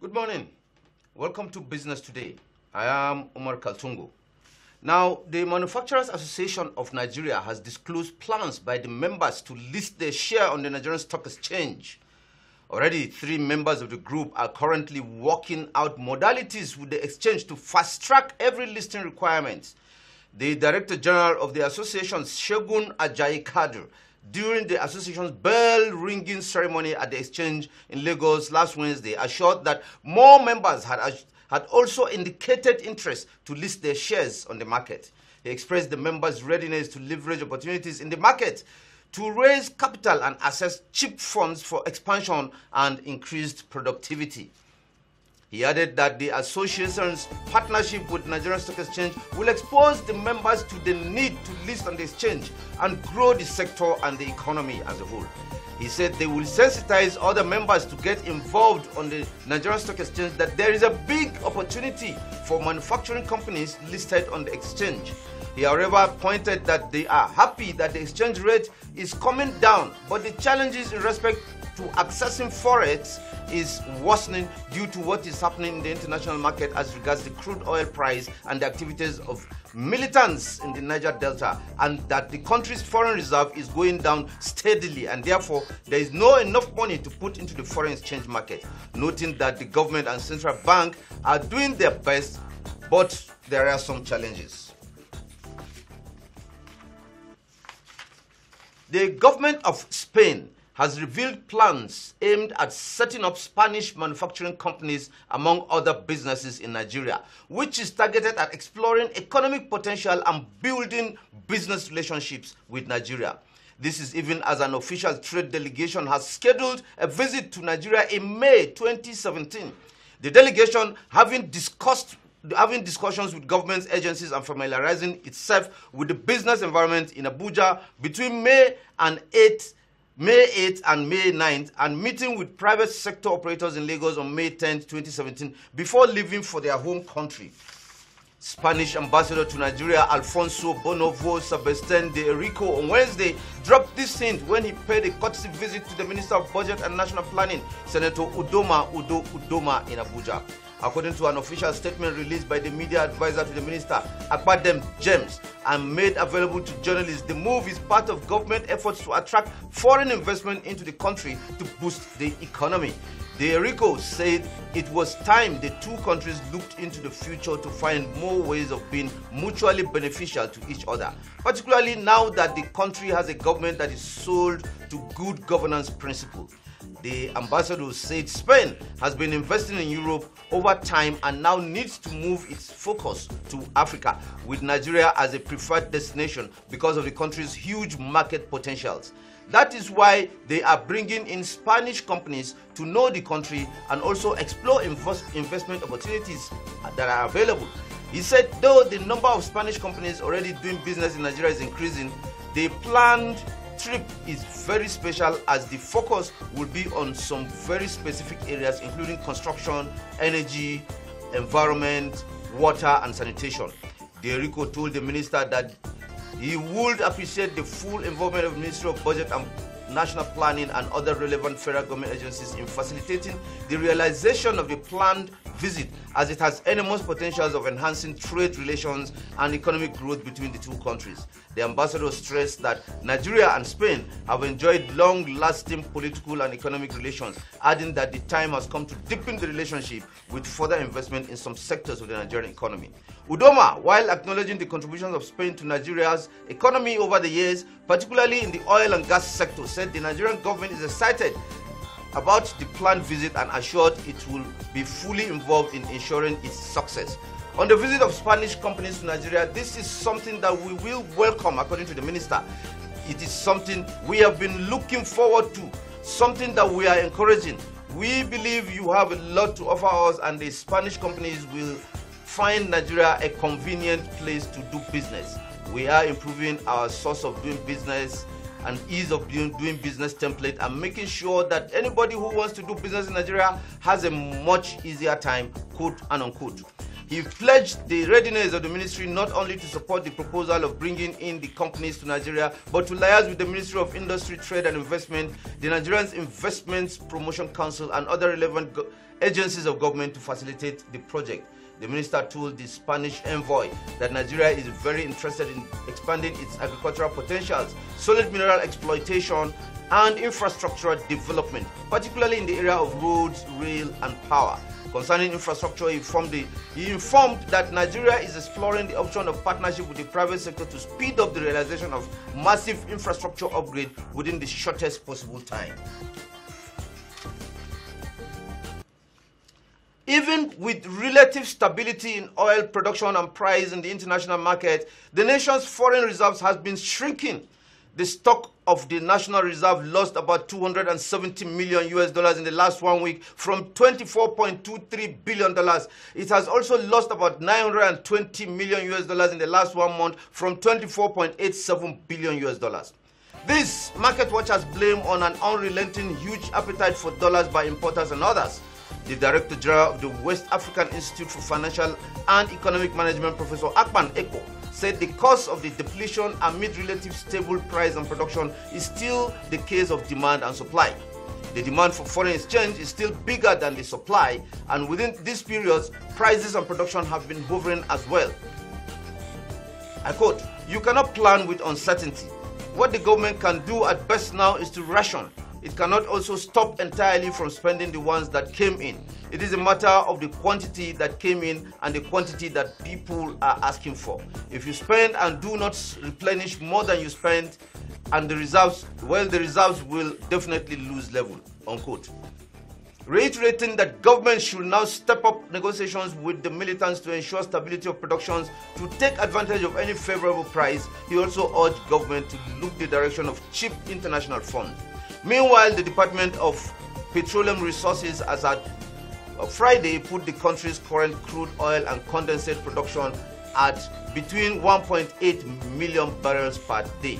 Good morning. Welcome to Business Today. I am Umar Kaltungo. Now, the Manufacturers Association of Nigeria has disclosed plans by the members to list their share on the Nigerian Stock Exchange. Already, three members of the group are currently working out modalities with the exchange to fast track every listing requirement. The Director General of the Association, Shogun Ajayi Kadir, during the association's bell ringing ceremony at the exchange in Lagos last Wednesday assured that more members had, had also indicated interest to list their shares on the market. He expressed the members' readiness to leverage opportunities in the market to raise capital and access cheap funds for expansion and increased productivity. He added that the association's partnership with Nigerian Stock Exchange will expose the members to the need to list on the exchange and grow the sector and the economy as a whole. He said they will sensitize other members to get involved on the Nigerian Stock Exchange that there is a big opportunity for manufacturing companies listed on the exchange. He, however, pointed that they are happy that the exchange rate is coming down, but the challenges in respect to accessing forex is worsening due to what is happening in the international market as regards the crude oil price and the activities of militants in the Niger Delta, and that the country's foreign reserve is going down steadily, and therefore there is no enough money to put into the foreign exchange market. Noting that the government and central bank are doing their best, but there are some challenges. The government of Spain has revealed plans aimed at setting up Spanish manufacturing companies among other businesses in Nigeria, which is targeted at exploring economic potential and building business relationships with Nigeria. This is even as an official trade delegation has scheduled a visit to Nigeria in May 2017. The delegation, having discussed having discussions with government agencies and familiarizing itself with the business environment in Abuja between May and 8 May 8th and May 9th, and meeting with private sector operators in Lagos on May 10th, 2017, before leaving for their home country. Spanish ambassador to Nigeria Alfonso Bonovo Sebastien de Rico on Wednesday dropped this hint when he paid a courtesy visit to the Minister of Budget and National Planning, Senator Udoma Udo Udoma in Abuja. According to an official statement released by the media advisor to the minister, Akpadem James, and made available to journalists, the move is part of government efforts to attract foreign investment into the country to boost the economy. The ERICO said it was time the two countries looked into the future to find more ways of being mutually beneficial to each other, particularly now that the country has a government that is sold to good governance principles. The ambassador said Spain has been investing in Europe over time and now needs to move its focus to Africa, with Nigeria as a preferred destination because of the country's huge market potentials. That is why they are bringing in Spanish companies to know the country and also explore invest investment opportunities that are available. He said, though the number of Spanish companies already doing business in Nigeria is increasing, they planned trip is very special as the focus will be on some very specific areas including construction, energy, environment, water and sanitation. Derico told the minister that he would appreciate the full involvement of Ministry of Budget and national planning, and other relevant federal government agencies in facilitating the realization of the planned visit as it has enormous potentials of enhancing trade relations and economic growth between the two countries. The ambassador stressed that Nigeria and Spain have enjoyed long lasting political and economic relations, adding that the time has come to deepen the relationship with further investment in some sectors of the Nigerian economy. Udoma, while acknowledging the contributions of Spain to Nigeria's economy over the years, particularly in the oil and gas sector, said the Nigerian government is excited about the planned visit and assured it will be fully involved in ensuring its success. On the visit of Spanish companies to Nigeria, this is something that we will welcome, according to the minister. It is something we have been looking forward to, something that we are encouraging. We believe you have a lot to offer us, and the Spanish companies will find Nigeria a convenient place to do business. We are improving our source of doing business and ease of doing, doing business template and making sure that anybody who wants to do business in Nigeria has a much easier time, quote and unquote. He pledged the readiness of the ministry not only to support the proposal of bringing in the companies to Nigeria, but to liaise with the Ministry of Industry, Trade and Investment, the Nigerian Investments Promotion Council, and other relevant agencies of government to facilitate the project the minister told the Spanish envoy that Nigeria is very interested in expanding its agricultural potentials, solid mineral exploitation, and infrastructure development, particularly in the area of roads, rail, and power. Concerning infrastructure, he informed, the, he informed that Nigeria is exploring the option of partnership with the private sector to speed up the realization of massive infrastructure upgrade within the shortest possible time. Even with relative stability in oil production and price in the international market, the nation's foreign reserves has been shrinking. The stock of the National Reserve lost about 270 million US dollars in the last one week from 24.23 billion dollars. It has also lost about 920 million US dollars in the last one month from 24.87 billion US dollars. This market watchers blame on an unrelenting huge appetite for dollars by importers and others the Director General of the West African Institute for Financial and Economic Management, Professor Akpan Eko, said the cause of the depletion amid relative stable price and production is still the case of demand and supply. The demand for foreign exchange is still bigger than the supply, and within these periods, prices and production have been hovering as well. I quote, You cannot plan with uncertainty. What the government can do at best now is to ration it cannot also stop entirely from spending the ones that came in. It is a matter of the quantity that came in and the quantity that people are asking for. If you spend and do not replenish more than you spend, and the reserves, well, the reserves will definitely lose level. Unquote. Reiterating that government should now step up negotiations with the militants to ensure stability of productions to take advantage of any favorable price, he also urged government to look the direction of cheap international funds. Meanwhile, the Department of Petroleum Resources as at uh, Friday put the country's current crude oil and condensate production at between 1.8 million barrels per day.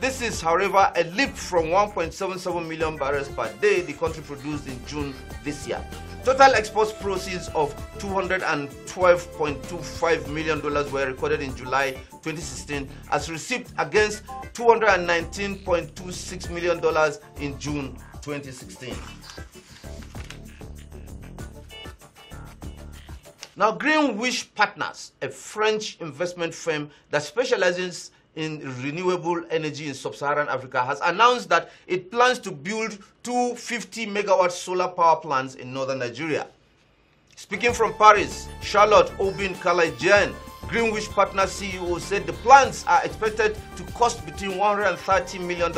This is, however, a leap from 1.77 million barrels per day the country produced in June this year. Total export proceeds of $212.25 million were recorded in July 2016 as received against $219.26 million in June 2016. Now, Greenwich Partners, a French investment firm that specializes in renewable energy in sub-Saharan Africa has announced that it plans to build two 50 megawatt solar power plants in northern Nigeria. Speaking from Paris, Charlotte Obin Kalajian, Greenwich Partner CEO, said the plants are expected to cost between $130 million and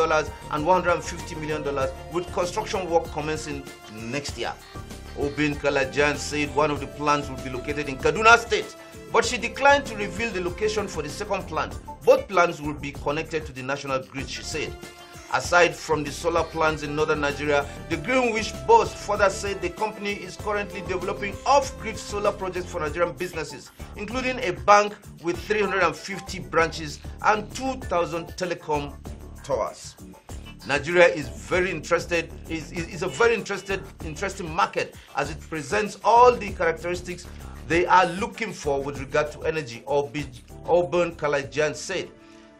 $150 million, with construction work commencing next year. Obin Kalajian said one of the plants will be located in Kaduna State, but she declined to reveal the location for the second plant. Both plants will be connected to the national grid, she said. Aside from the solar plants in northern Nigeria, the Greenwich boss further said the company is currently developing off-grid solar projects for Nigerian businesses, including a bank with 350 branches and 2,000 telecom towers. Nigeria is very interested is, is, is, a very interested interesting market as it presents all the characteristics they are looking for with regard to energy, Auburn Kalajian said.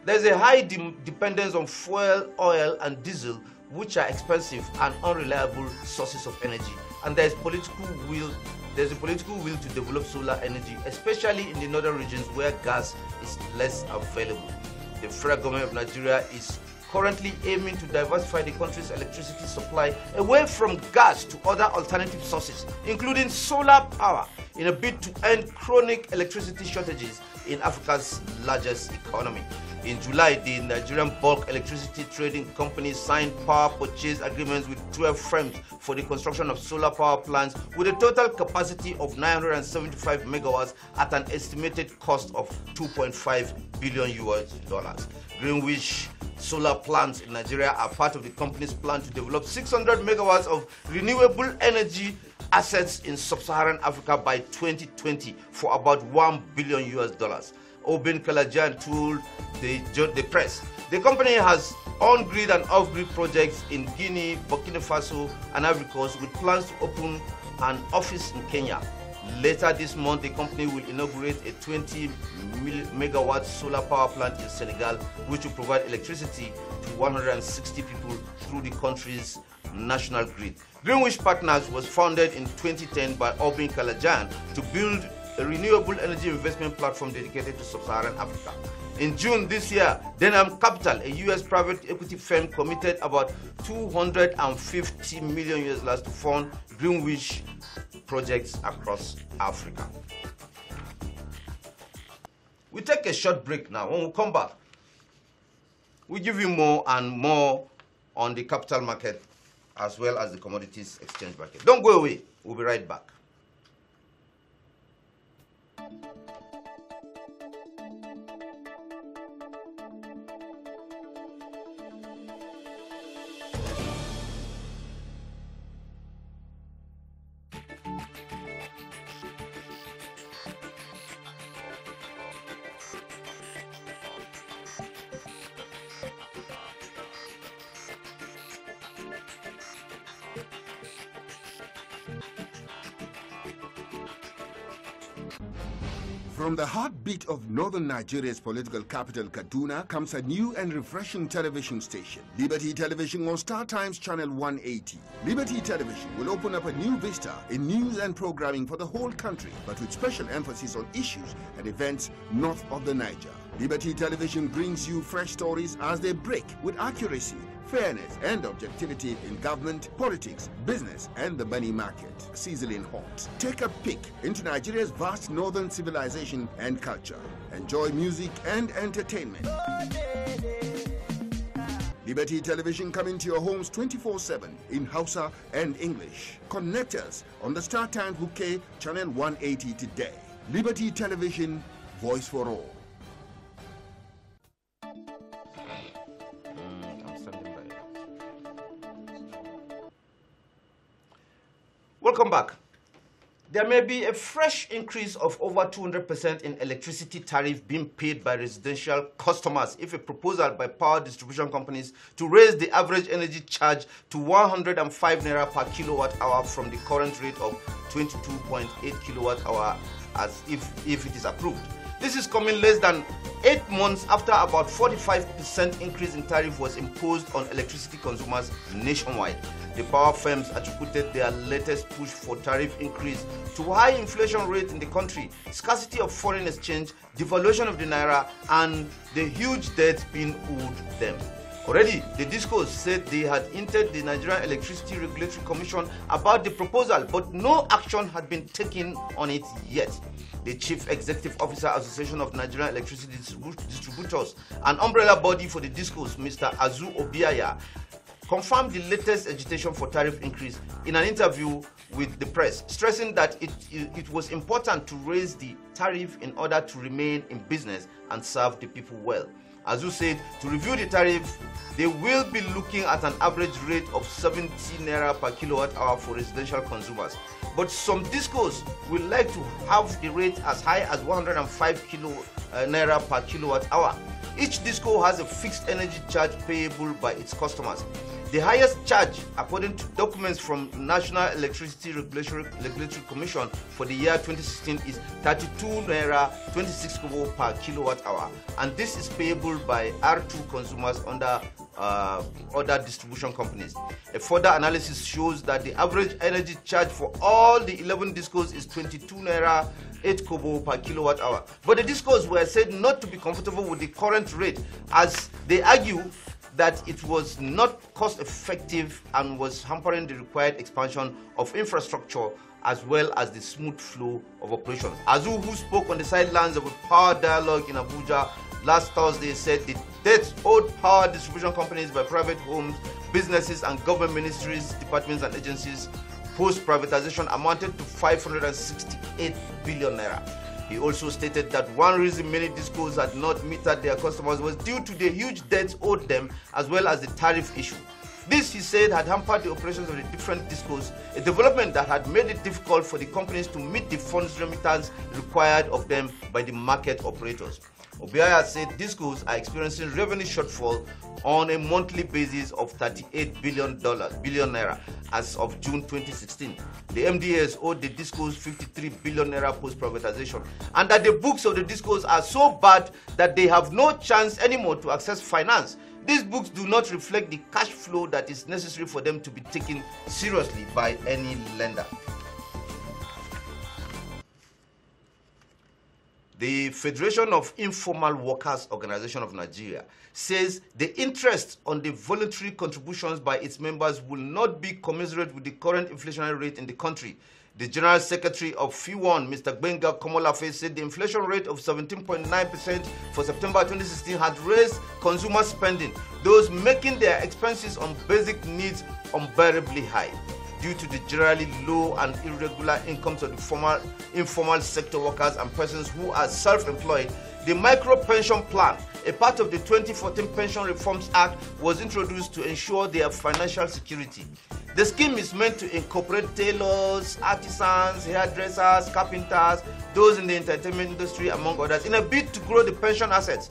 There's a high de dependence on fuel, oil, and diesel, which are expensive and unreliable sources of energy. And there's political will. There's a political will to develop solar energy, especially in the northern regions where gas is less available. The federal government of Nigeria is currently aiming to diversify the country's electricity supply away from gas to other alternative sources, including solar power, in a bid to end chronic electricity shortages in Africa's largest economy. In July, the Nigerian Bulk Electricity Trading Company signed power purchase agreements with 12 firms for the construction of solar power plants with a total capacity of 975 megawatts at an estimated cost of 2.5 billion US dollars. Greenwich solar plants in Nigeria are part of the company's plan to develop 600 megawatts of renewable energy assets in sub-Saharan Africa by 2020 for about 1 billion US dollars. Obin Kalajan told the, the press. The company has on-grid and off-grid projects in Guinea, Burkina Faso, and Africa, with plans to open an office in Kenya. Later this month, the company will inaugurate a 20 megawatt solar power plant in Senegal, which will provide electricity to 160 people through the country's national grid. Greenwich Partners was founded in 2010 by Aubin Kalajan to build a renewable energy investment platform dedicated to sub-Saharan Africa. In June this year, Denham Capital, a U.S. private equity firm, committed about 250 million US dollars to fund Greenwich projects across Africa. We take a short break now. When we come back, we give you more and more on the capital market as well as the commodities exchange market. Don't go away. We'll be right back. the heartbeat of northern Nigeria's political capital, Kaduna, comes a new and refreshing television station, Liberty Television on Star Times Channel 180. Liberty Television will open up a new vista in news and programming for the whole country, but with special emphasis on issues and events north of the Niger. Liberty Television brings you fresh stories as they break with accuracy fairness and objectivity in government, politics, business and the money market. Sizzling hot. Take a peek into Nigeria's vast northern civilization and culture. Enjoy music and entertainment. Liberty Television coming to your homes 24-7 in Hausa and English. Connect us on the StarTimes Bouquet Channel 180 today. Liberty Television, voice for all. Welcome back. There may be a fresh increase of over 200% in electricity tariff being paid by residential customers if a proposal by power distribution companies to raise the average energy charge to 105 naira per kilowatt hour from the current rate of 22.8 kilowatt hour as if, if it is approved. This is coming less than eight months after about 45% increase in tariff was imposed on electricity consumers nationwide. The power firms attributed their latest push for tariff increase to high inflation rates in the country, scarcity of foreign exchange, devaluation of the naira, and the huge debt being owed them. Already, the discourse said they had entered the Nigerian Electricity Regulatory Commission about the proposal, but no action had been taken on it yet. The Chief Executive Officer Association of Nigerian Electricity Distributors, an umbrella body for the discourse, Mr. Azu Obiaya, confirmed the latest agitation for tariff increase in an interview with the press, stressing that it, it was important to raise the tariff in order to remain in business and serve the people well as you said, to review the tariff, they will be looking at an average rate of 70 naira per kilowatt hour for residential consumers. But some discos will like to have the rate as high as 105 kilo, uh, naira per kilowatt hour. Each disco has a fixed energy charge payable by its customers. The highest charge, according to documents from National Electricity Regulatory, Regulatory Commission for the year 2016, is 32 naira 26 kobo per kilowatt hour, and this is payable by R2 consumers under uh, other distribution companies. A further analysis shows that the average energy charge for all the 11 discos is 22 naira 8 kobo per kilowatt hour. But the discos were said not to be comfortable with the current rate as they argue that it was not cost effective and was hampering the required expansion of infrastructure as well as the smooth flow of operations. Azu, who spoke on the sidelines of a power dialogue in Abuja last Thursday, said the debts owed power distribution companies by private homes, businesses, and government ministries, departments, and agencies post privatization amounted to 568 billion naira. He also stated that one reason many discos had not metered their customers was due to the huge debts owed them as well as the tariff issue. This, he said, had hampered the operations of the different discos, a development that had made it difficult for the companies to meet the funds remittance required of them by the market operators. Obiaya said discos are experiencing revenue shortfall on a monthly basis of 38 billion dollars billion naira as of June 2016. The MDS owed the discos 53 billion naira post privatization, and that the books of the discos are so bad that they have no chance anymore to access finance these books do not reflect the cash flow that is necessary for them to be taken seriously by any lender. The Federation of Informal Workers Organization of Nigeria says the interest on the voluntary contributions by its members will not be commensurate with the current inflationary rate in the country the General Secretary of FUON, Mr. Gbenga Komolafe, said the inflation rate of 17.9% for September 2016 had raised consumer spending, those making their expenses on basic needs unbearably high due to the generally low and irregular incomes of the formal, informal sector workers and persons who are self-employed the micro pension plan, a part of the 2014 Pension Reforms Act, was introduced to ensure their financial security. The scheme is meant to incorporate tailors, artisans, hairdressers, carpenters, those in the entertainment industry, among others, in a bid to grow the pension assets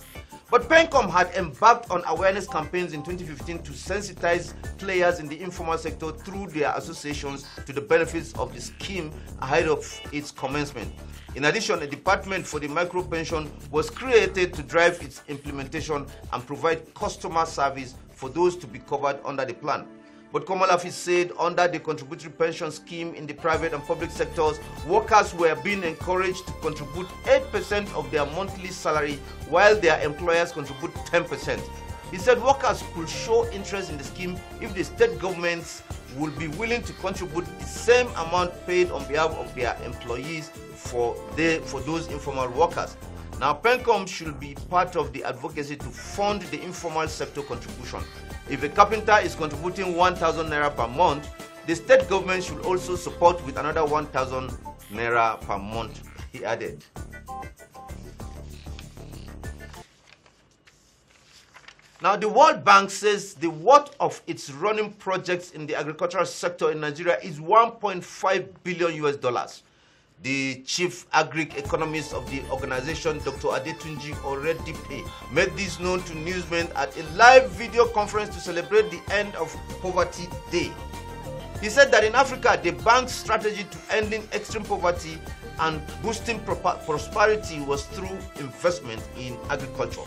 but PENCOM had embarked on awareness campaigns in 2015 to sensitize players in the informal sector through their associations to the benefits of the scheme ahead of its commencement. In addition, a department for the micro pension was created to drive its implementation and provide customer service for those to be covered under the plan. But Komalafi said under the contributory pension scheme in the private and public sectors, workers were being encouraged to contribute 8% of their monthly salary while their employers contribute 10%. He said workers could show interest in the scheme if the state governments would be willing to contribute the same amount paid on behalf of their employees for, the, for those informal workers. Now, PENCOM should be part of the advocacy to fund the informal sector contribution if a carpenter is contributing 1,000 naira per month, the state government should also support with another 1,000 naira per month, he added. Now, the World Bank says the worth of its running projects in the agricultural sector in Nigeria is 1.5 billion US dollars the chief agric economist of the organization, Dr. Adetunji Oredipe, made this known to newsmen at a live video conference to celebrate the end of Poverty Day. He said that in Africa, the bank's strategy to ending extreme poverty and boosting prosperity was through investment in agriculture.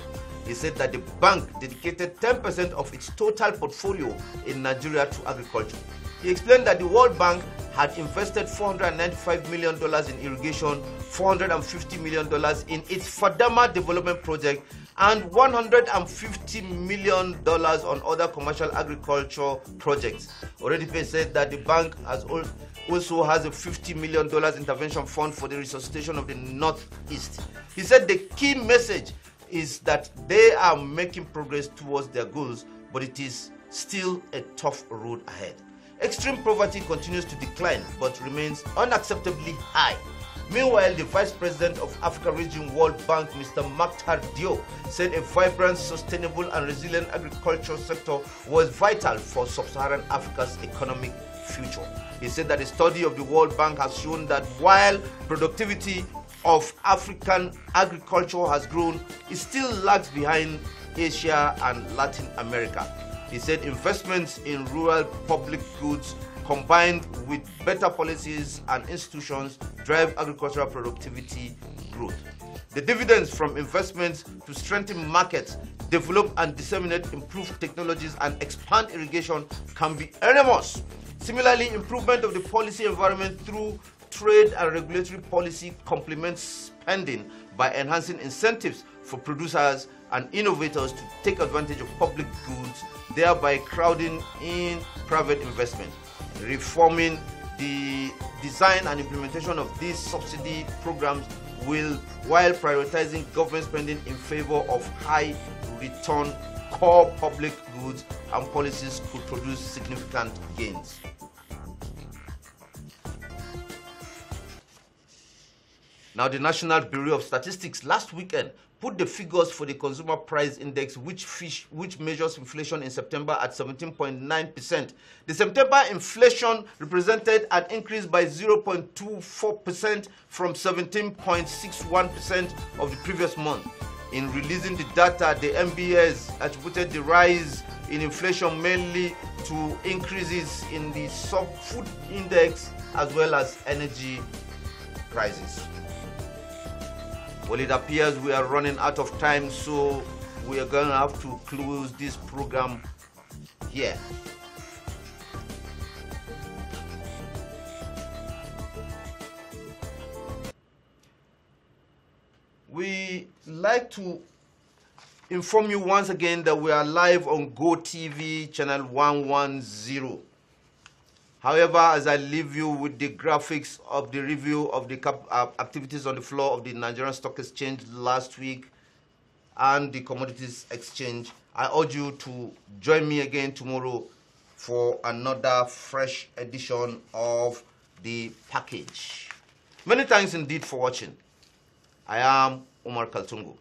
He said that the bank dedicated 10% of its total portfolio in Nigeria to agriculture. He explained that the World Bank had invested $495 million in irrigation, $450 million in its Fadama development project, and $150 million on other commercial agriculture projects. Already he said that the bank has also has a $50 million intervention fund for the resuscitation of the Northeast. He said the key message is that they are making progress towards their goals, but it is still a tough road ahead extreme poverty continues to decline but remains unacceptably high. Meanwhile, the Vice President of Africa Region World Bank, Mr. Maktar Diop, said a vibrant, sustainable, and resilient agricultural sector was vital for sub-Saharan Africa's economic future. He said that a study of the World Bank has shown that while productivity of African agriculture has grown, it still lags behind Asia and Latin America. He said investments in rural public goods combined with better policies and institutions drive agricultural productivity growth. The dividends from investments to strengthen markets, develop and disseminate improved technologies, and expand irrigation can be enormous. Similarly, improvement of the policy environment through trade and regulatory policy complements spending by enhancing incentives for producers and innovators to take advantage of public goods, thereby crowding in private investment, reforming the design and implementation of these subsidy programs will while prioritizing government spending in favor of high return core public goods and policies could produce significant gains. Now, the National Bureau of Statistics last weekend put the figures for the Consumer Price Index, which, fish, which measures inflation in September at 17.9%. The September inflation represented an increase by 0.24% from 17.61% of the previous month. In releasing the data, the MBS attributed the rise in inflation mainly to increases in the sub-food index as well as energy prices. Well, it appears we are running out of time, so we are going to have to close this program here. We like to inform you once again that we are live on GoTV channel 110. However, as I leave you with the graphics of the review of the uh, activities on the floor of the Nigerian Stock Exchange last week and the Commodities Exchange, I urge you to join me again tomorrow for another fresh edition of the package. Many thanks indeed for watching. I am Omar Kaltungu.